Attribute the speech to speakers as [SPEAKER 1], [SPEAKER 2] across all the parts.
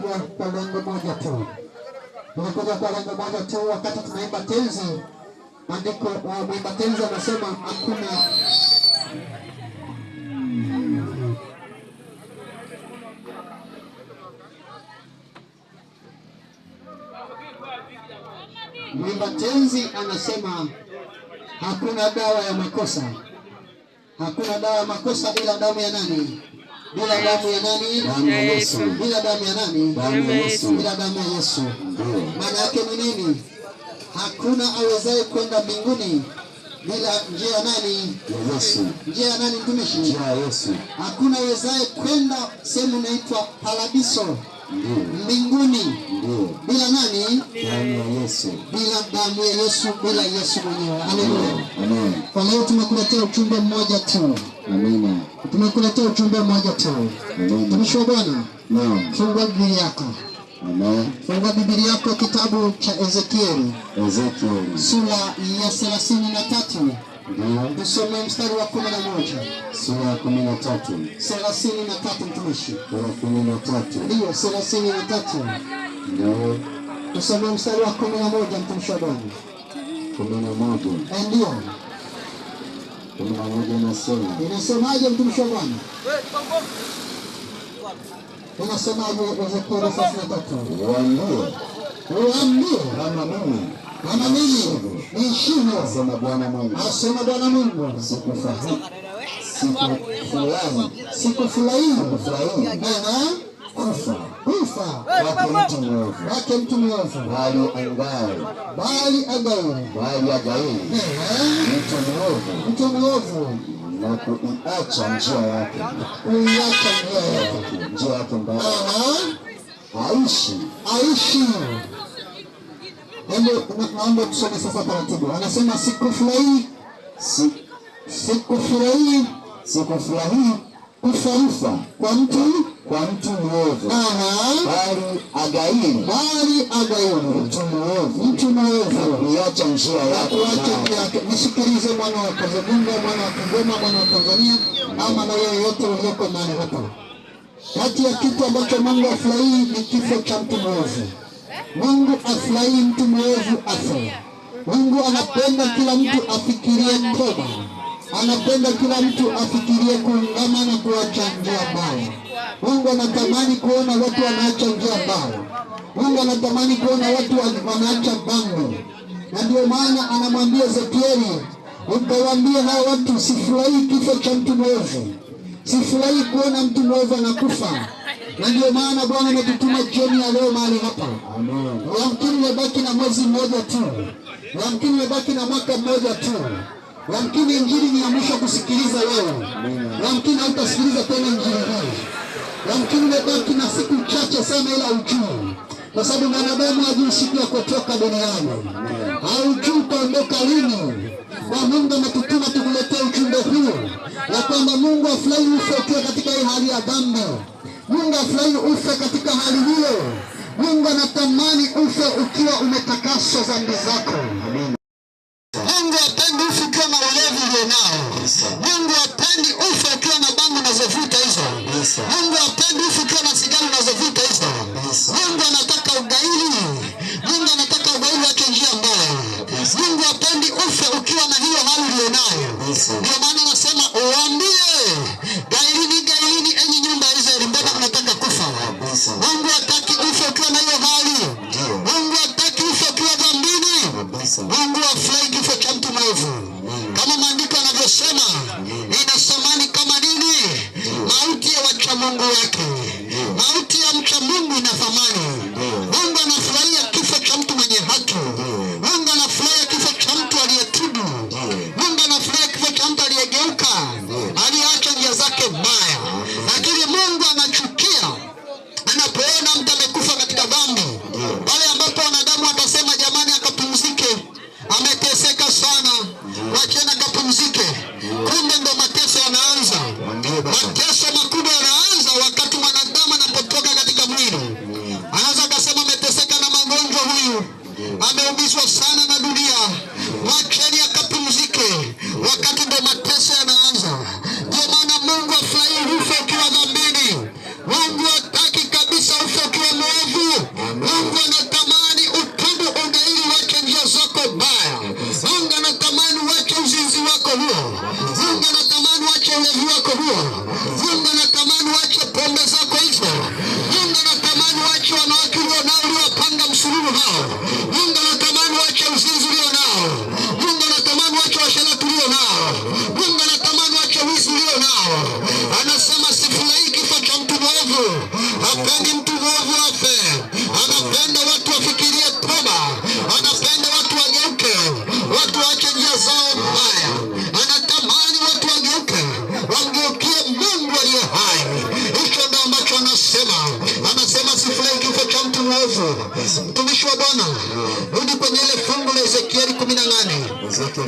[SPEAKER 1] tunakuja kwa lengo moja tu, tunakuja kwa lengo moja tu. Wakati tunaimba tenzi, maandiko uh, mwimba tenzi anasema hakuna mwimba tenzi anasema hakuna dawa ya makosa, hakuna dawa ya makosa ila damu ya nani? bila damu ya nani? Bila damu ya nani? Bila damu ya Yesu. Maana yake ni nini? Hakuna awezaye kwenda mbinguni bila njia ya nani? Ya Yesu. Njia ya nani mtumishi?
[SPEAKER 2] Njia ya Yesu.
[SPEAKER 1] Hakuna awezaye kwenda sehemu inaitwa paradiso mbinguni bila nani? Yesu, bila damu ya Yesu, bila Yesu mwenyewe. Haleluya. Kwa leo tumekuletea ujumbe mmoja tu. Amina. Tumekuletea ujumbe mmoja tu. Mtumishi wa Bwana, fungua Biblia yako. Fungua Biblia yako kitabu cha Ezekieli,
[SPEAKER 2] Ezekieli
[SPEAKER 1] sura ya thelathini na tatu Usome mstari wa kumi na moja
[SPEAKER 2] sura ya kumi na tatu
[SPEAKER 1] thelathini na tatu mtumishi
[SPEAKER 2] kumi na tatu
[SPEAKER 1] ndiyo thelathini na tatu ndio usome mstari wa kumi na moja mtumishi wa Bwana
[SPEAKER 2] kumi na moja e, ndio kumi na moja inasema
[SPEAKER 1] inasemaje mtumishi wa Bwana unasemaje Ezekieli thelathini na tatu
[SPEAKER 2] waambie
[SPEAKER 1] waambie
[SPEAKER 2] kama mimi
[SPEAKER 1] ama mimi niishivyo, asema Bwana Mungu, asema Bwana Mungu,
[SPEAKER 2] sikufahamu sikufurahi sikufurahi kufurahi neno
[SPEAKER 1] kufa kufa
[SPEAKER 2] wake mtu mwovu
[SPEAKER 1] wake mtu mwovu
[SPEAKER 2] bali angawe
[SPEAKER 1] bali agawe
[SPEAKER 2] bali agawe mtu mwovu
[SPEAKER 1] mtu mwovu
[SPEAKER 2] na kuiacha njia yake
[SPEAKER 1] kuiacha njia yake
[SPEAKER 2] njia yake mbaya aishi
[SPEAKER 1] aishi naomba tusome sasa taratibu. Anasema sikufurahi, sikufurahi,
[SPEAKER 2] sikufurahi
[SPEAKER 1] kufarifa kwa mtu
[SPEAKER 2] kwa mtu mwovu, bali agairi,
[SPEAKER 1] bali agairi
[SPEAKER 2] mtu mwovu,
[SPEAKER 1] mtu mwovu
[SPEAKER 2] kuiacha njia
[SPEAKER 1] yake, kuacha yake. Nisikilize mwana wa Kazemunga, mwana wa Kigoma, mwana wa Tanzania, ama na yeyote ulioko mahali hapa, kati ya kitu ambacho Mungu afurahii ni kifo cha mtu mwovu. Mungu afurahi mtu mwovu afe Mungu anapenda kila mtu afikirie toba, anapenda kila mtu afikirie kuungama na kuacha njia mbaya. Mungu anatamani kuona watu wanaacha njia mbaya. Mungu anatamani kuona watu wanaacha bango, na ndio maana anamwambia Ezekieli, ukawaambia hao watu, sifurahii kifo cha mtu mwovu, sifurahii kuona mtu mwovu anakufa na ndio maana Bwana ametutuma jioni ya leo mahali hapa. Yamkini umebaki na mwezi mmoja tu, yamkini umebaki na mwaka mmoja tu, yamkini injili ni ya mwisho kusikiliza leo, yamkini hautasikiliza tena injili hii, yamkini umebaki na siku chache sana, ila ujuu kwa sababu mwanadamu hajui siku ya kutoka duniani, haujui utaondoka lini. Kwa Mungu ametutuma tukuletee ujumbe huu ya kwamba Mungu afurahi uso ukiwa katika hii hali ya dhambi. Mungu afurahi ufe katika hali hiyo. Mungu anatamani ufe ukiwa umetakaswa dhambi zako. ina samani kama nini? Mauti ya wacha Mungu wake, mauti ya mcha Mungu ina thamani. Mungu anafurahia kifo cha mtu mwenye haki. Mungu anafurahia kifo cha mtu aliyetubu. Mungu anafurahia kifo cha mtu Mantenha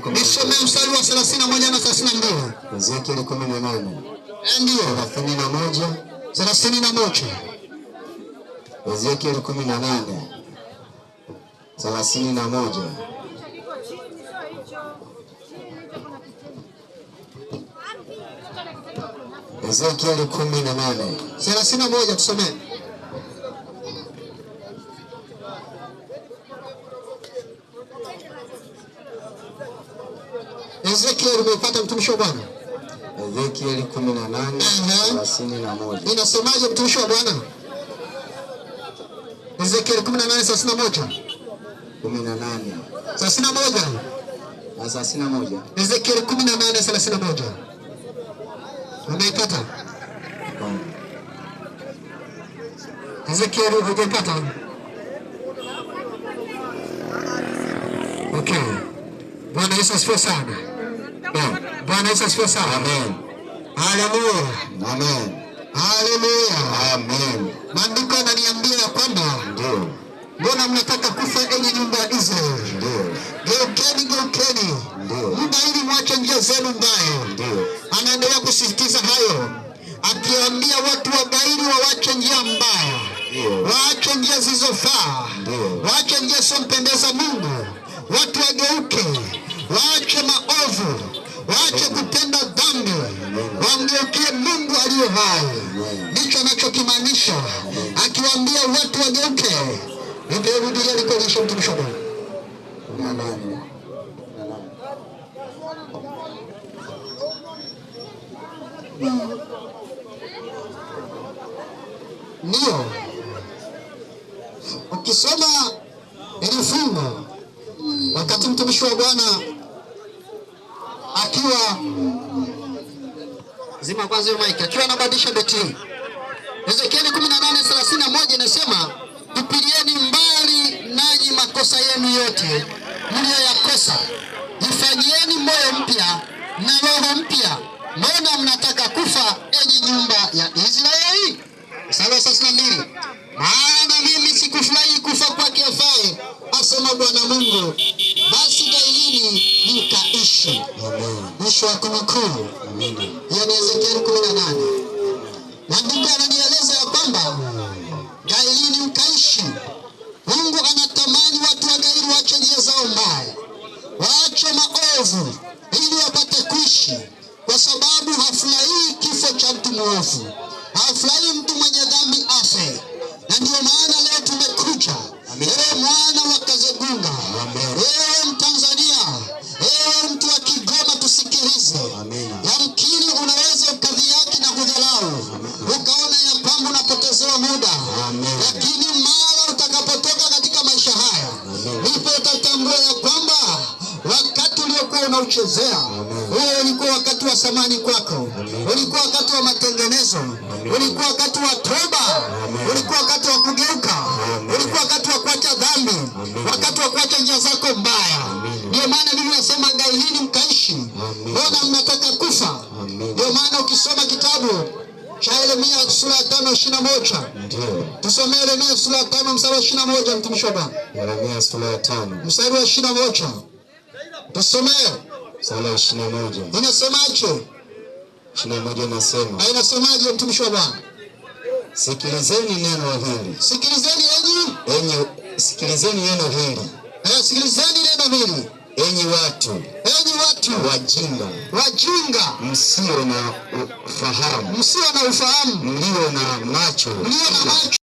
[SPEAKER 1] Nisome mstari wa 31 na 32.
[SPEAKER 2] Ezekiel 18. Ndio, 31
[SPEAKER 1] 31.
[SPEAKER 2] Ezekiel 18 31. Ezekiel na 31,
[SPEAKER 1] tusomee. Ezekiel umeipata mtumishi wa Bwana? Ezekiel 18:31. Inasemaje mtumishi wa Bwana? Ezekiel 18:31.
[SPEAKER 2] 18:31. 31. 31.
[SPEAKER 1] Ezekiel 18:31. Umeipata? Ezekiel hujaipata? Okay. Bwana Yesu asifiwe sana. Bwana Yesu asifiwe sana. Amen. Haleluya. Amen. Haleluya. Amen. Maandiko yananiambia kwamba ndio. Mbona mnataka kufa enyi nyumba ya Israeli? Ndio. Geukeni, geukeni. Ndio. Muda ili mwache njia zenu mbaya. Ndio. Anaendelea kusisitiza hayo akiambia watu wa Baili wawache njia mbaya. Ndio. Waache njia zilizofaa. Ndio. Waache njia sompendeza Mungu. Watu wageuke. Waache maovu waache kutenda dhambi, wamgeukie Mungu aliye hai. Ndicho anachokimaanisha akiwaambia watu wageuke. Ndio alikuwa alisha mtumishi wa Mungu ndio ukisoma ili fungu wakati mtumishi wa Bwana akiwa zima kwanza hiyo mic, akiwa anabadilisha beti. Ezekieli 18:31 inasema tupilieni mbali nanyi makosa yenu yote mliyoyakosa, jifanyieni moyo mpya na roho mpya. Mbona mnataka kufa, enyi nyumba ya Israeli? Mstari thelathini na mbili maana mimi sikufurahi kufa kwake afaye, asema Bwana Mungu watu. Mungu anatamani watu Gairi waache njia zao mbaya, waache maovu ili wapate kuishi, kwa sababu hafurahii kifo cha mtu mwovu, hafurahii mtu mwenye dhambi afe. Na ndio maana leo tumekuja, ewe mwana wa Kazegunga, ewe Mtanzania, ewe mtu wa Kigoma, tusikilize yamkini tambua ya kwamba wakati uliokuwa unauchezea huo ulikuwa wakati wa samani kwako, ulikuwa wakati wa matengenezo, ulikuwa wakati wa toba, ulikuwa wakati wa kugeuka, ulikuwa wakati wa kuacha dhambi, wakati wa kuacha njia zako mbaya. Ndio maana mimi nasema angailini mkaishi, ona mnataka kufa? Ndio maana ukisoma kitabu cha Yeremia sura ya tano ishirini ndio tusomee. Yeremia sura ya tano mstari wa ishirini mtumishi wa Bwana.
[SPEAKER 2] Yeremia sura ya tano
[SPEAKER 1] mstari wa ishirini na Sura
[SPEAKER 2] ya ishirini
[SPEAKER 1] inasemaje? ishirini na moja ah, inasemaje, mtumishi wa Bwana?
[SPEAKER 2] Sikilizeni neno hili,
[SPEAKER 1] sikilizeni enyi,
[SPEAKER 2] enyi, sikilizeni neno hili,
[SPEAKER 1] eh, sikilizeni neno hili,
[SPEAKER 2] enyi watu
[SPEAKER 1] enyi watu wajinga, wajinga,
[SPEAKER 2] msio na ufahamu,
[SPEAKER 1] msio na ufahamu,
[SPEAKER 2] mlio na macho,
[SPEAKER 1] mlio na macho